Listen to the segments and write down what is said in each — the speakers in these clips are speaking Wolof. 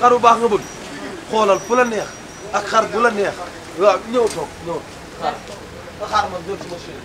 xar bu baax nga bëgg xoolal fu la neex ak xar bu la neex waaw ñëw toog ñëw xaar xaar ma jël sama chérie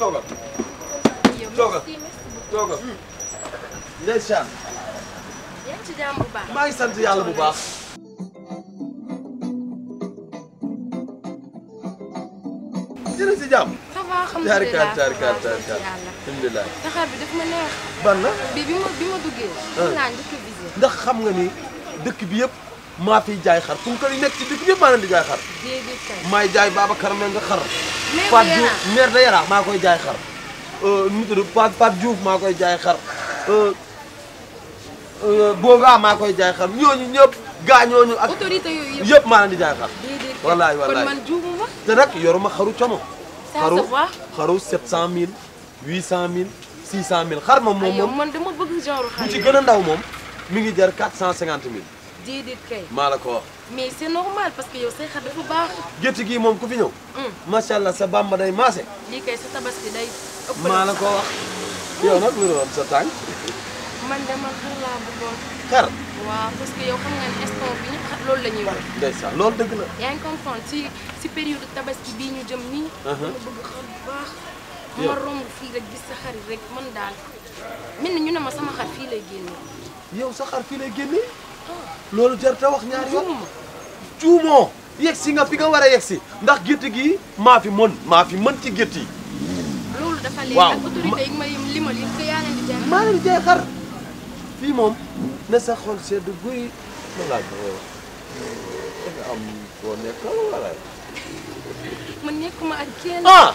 toogal toogal toogal ndeysaan maa ngi sant yàlla bu baax yéen a ci jàmm tabaar alhamdulilah tabaar alhamdulilah alhamdulilah bi la bi ma duggee. Ah. xam naa ndax xam nga ni dëkk bi yëpp ma fiy jaay xar fu mu yi nekk dëkk yëpp maa leen di jaay xar. déedéet kay maay jaay Babacar mel nga xar. Pape Diouf maire de Yara maa koy jaay xar. Euh, nu koy jaay xar. Euh, euh, Boga maa koy jaay xar ñooñu ñëpp. gaa ñooñu ak autorité yooyu jaay xar. déedéet wallaay wallaay kon man ma. te nag yoruma xaru coono. xaru 800000 600000 xar moom moom moom man dama bëgg genre xar bu ci gën ndaw moom mi ngi jar 450000 déedéet kay maa la ko wax mais c'est normal parce que yow say xar dafa baax gétt gii moom ku fi ñëw hmm. macha allah sa bamba day maase lii kay sa tabaski day ëpp maa la ko wax yow nag lu doon sa tànk man dama xar laa bëggoon xar waaw parce que yow xam nga ne instant bi ñëpp xar loolu la ñuy wax ndeysaan loolu dëgg la yaa comprendre si si période tabaski bii ñu jëm nii dama bëgg xar bu baax ma romb fii rek gis sa xarit rek mën daal mel na ñu ne ma sama xar fii lay génnee. yow sa xar fii lay génnee. Ah. loolu jar te wax ñaari yoon juumoo yegg si nga fi nga war a yegg si ndax gétt gi maa fi mën maa fi mën ci gétt yi. loolu dafa ma limal yëpp que yaa leen maa leen ma laaj ak kenn. ah.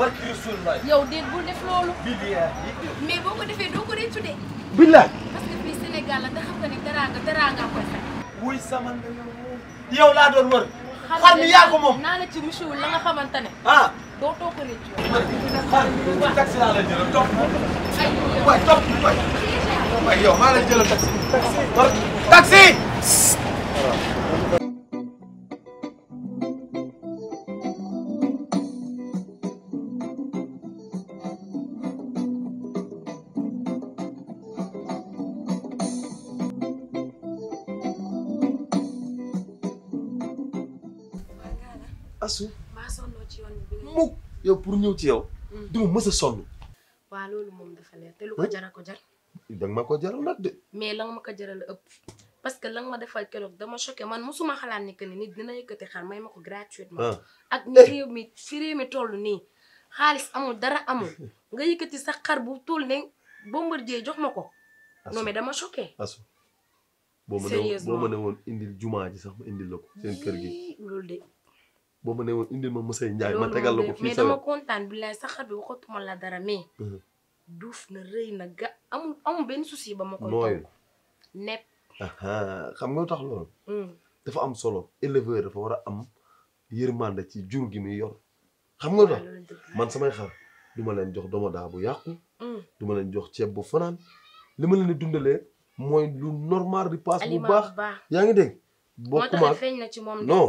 barki Rasulullah yow déet bul def loolu. mais boo ko defee doo ko réccu de. billaay. parce que fii Sénégal la nga xam ne teraanga teraanga koy sax. wuy sama yow laa doon wër. xar mi yaa moom naa la ci monsieur la nga xamante ne. ah doo too ko réccu. xar mi taxi laa la jëlal topp. waay topp waay. waay yow maa la jëlal taxi. taxi. asu maa sonnoo ci yoon bi mukk yow pour ñëw ci yow hmm. duma mës a sonn waa loolu moom dafa leer te lu ko jara hmm? jar danga ma ko jaral nag de mais la nga ma ko jaral ëpp parce que la ma defal keroog dama choqué man musuma xalaat ni que ni nit dina yëkkati xar may ma ko gratuitement ah. ak ni eh. réew mi fi réew toll nii xaalis amul dara amul nga yëkkati sa xar bu toll ne Bombardier jox ma ko non mais dama choqué asu boo ma ne woon indil jumaa ji sax ma indil la ko seen kër gi loolu de boobu ma ne woon indil ma Moussa Ndiaye ma tegal la ko fii mais dama kontaan billaay saxar bi waxatuma la dara mais uh-huh. duuf na rëy na ga amul amul benn souci ba ma koy mooy nga tax loolu mm. dafa am solo éleveur dafa war a am yërmande ci jur gi muy yor xam nga tax man samay xar duma leen jox domodaa bu yàqu mm. du ma leen jox ceeb bu fanaan li ma leen dundale mooy lu normal di paas bu baax yaa ngi dégg bokkuma feeñ na ci moom non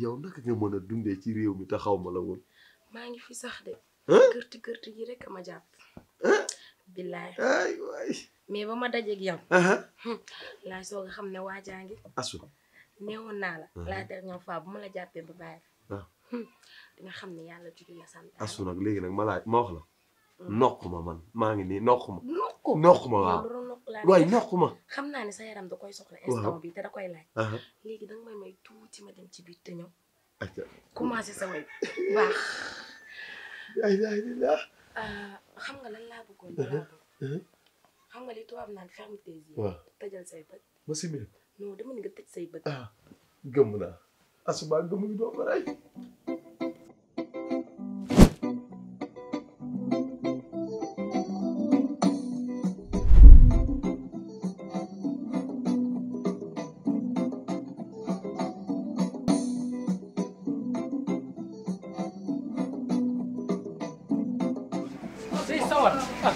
yow naka nga mën a dundee ci réew mi te xaw ma la woon. maa ngi fi sax de. gërti gërti yi rek ma jàpp. billaay mais ba ma dajeeg yow. laa soog a xam ne waajaa ngi. asu neewoon naa la. la dernière fois bu ma la jàppee ba bàyyi. Ah. nga xam ne yàlla jugee la sant. asu nag léegi nag ma laaj ma wax la. Mm. noq ma man maa ngi nii noq ma. noq ma waaw noq ma. xam naa ne sa yaram koy soxla. instant bi te da koy laaj. léegi danga may may tuuti ma dem ci biir te ñëw. commencé sa way baax. Ah, xam nga lan laa bëggoon xam nga li tubaab naan ferme tes yeux. tëjal say bët. ma simil. non dama ni nga tëj say bët. ah gëmm naa asuba gëmm gi doo ma rey. ah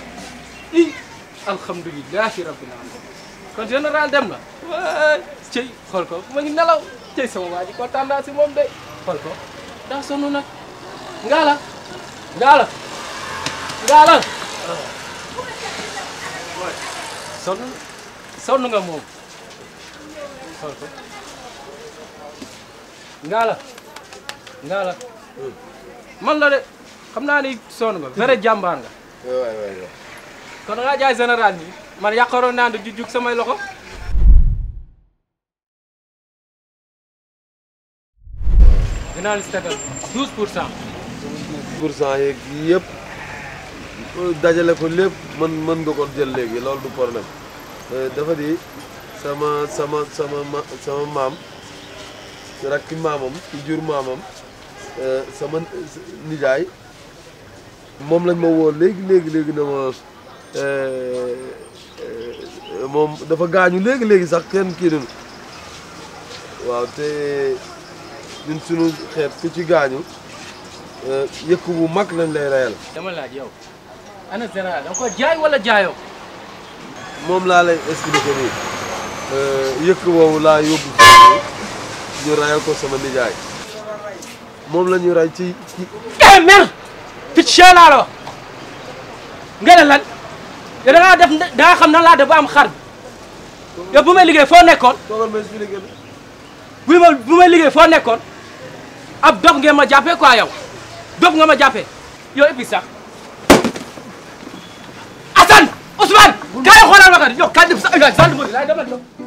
i alhamdulilahi rabbil alamin kon général dem na waay cëy xool ko ma ngi nelaw cëy sama waa ji kontaan naa si moom de xool ko daa sonn nag ngaala ngaala ngaala sonn sonn nga moom xool ngaala ngaala man la de xam naa ni sonn nga vrai jàmbaar nga waay waay waay. kon da jaay général bi man yàqaroon naa ne ju jug samay loxo. dinaa lis pour cent. 12 yëpp dajale ko lépp mën mën nga ko jël léegi loolu du problème euh, dafa di sama sama sama ma sama maam rakki maamam ci jur maamam euh, sama nijaay. moom lañ ma woo léegi léegi léegi ne euh, euh, moom dafa gaañu léegi léegi sax kenn kii waaw suñu ci gaañu euh, yëkku mag lañ lay reyal. dama yow ana général ko jaay wala jaayoo. moom laa lay expliqué nii yëkk ñu rayal ko sama nijaay moom la ñu ray ci ci. Eh, mer. chien laa la wax nga ne lan da dangaa def da nga xam nan laa def ba am xar bi yow bu may liggéey foo nekkoon bu ma bu may liggéey foo nekkoon ab dof ngeen ma jàppee quoi yow dof nga ma jàppee yow et puis sax Assane Ousmane kaay xoolal ma kat yow kaay def sax gendarmerie laay demal yow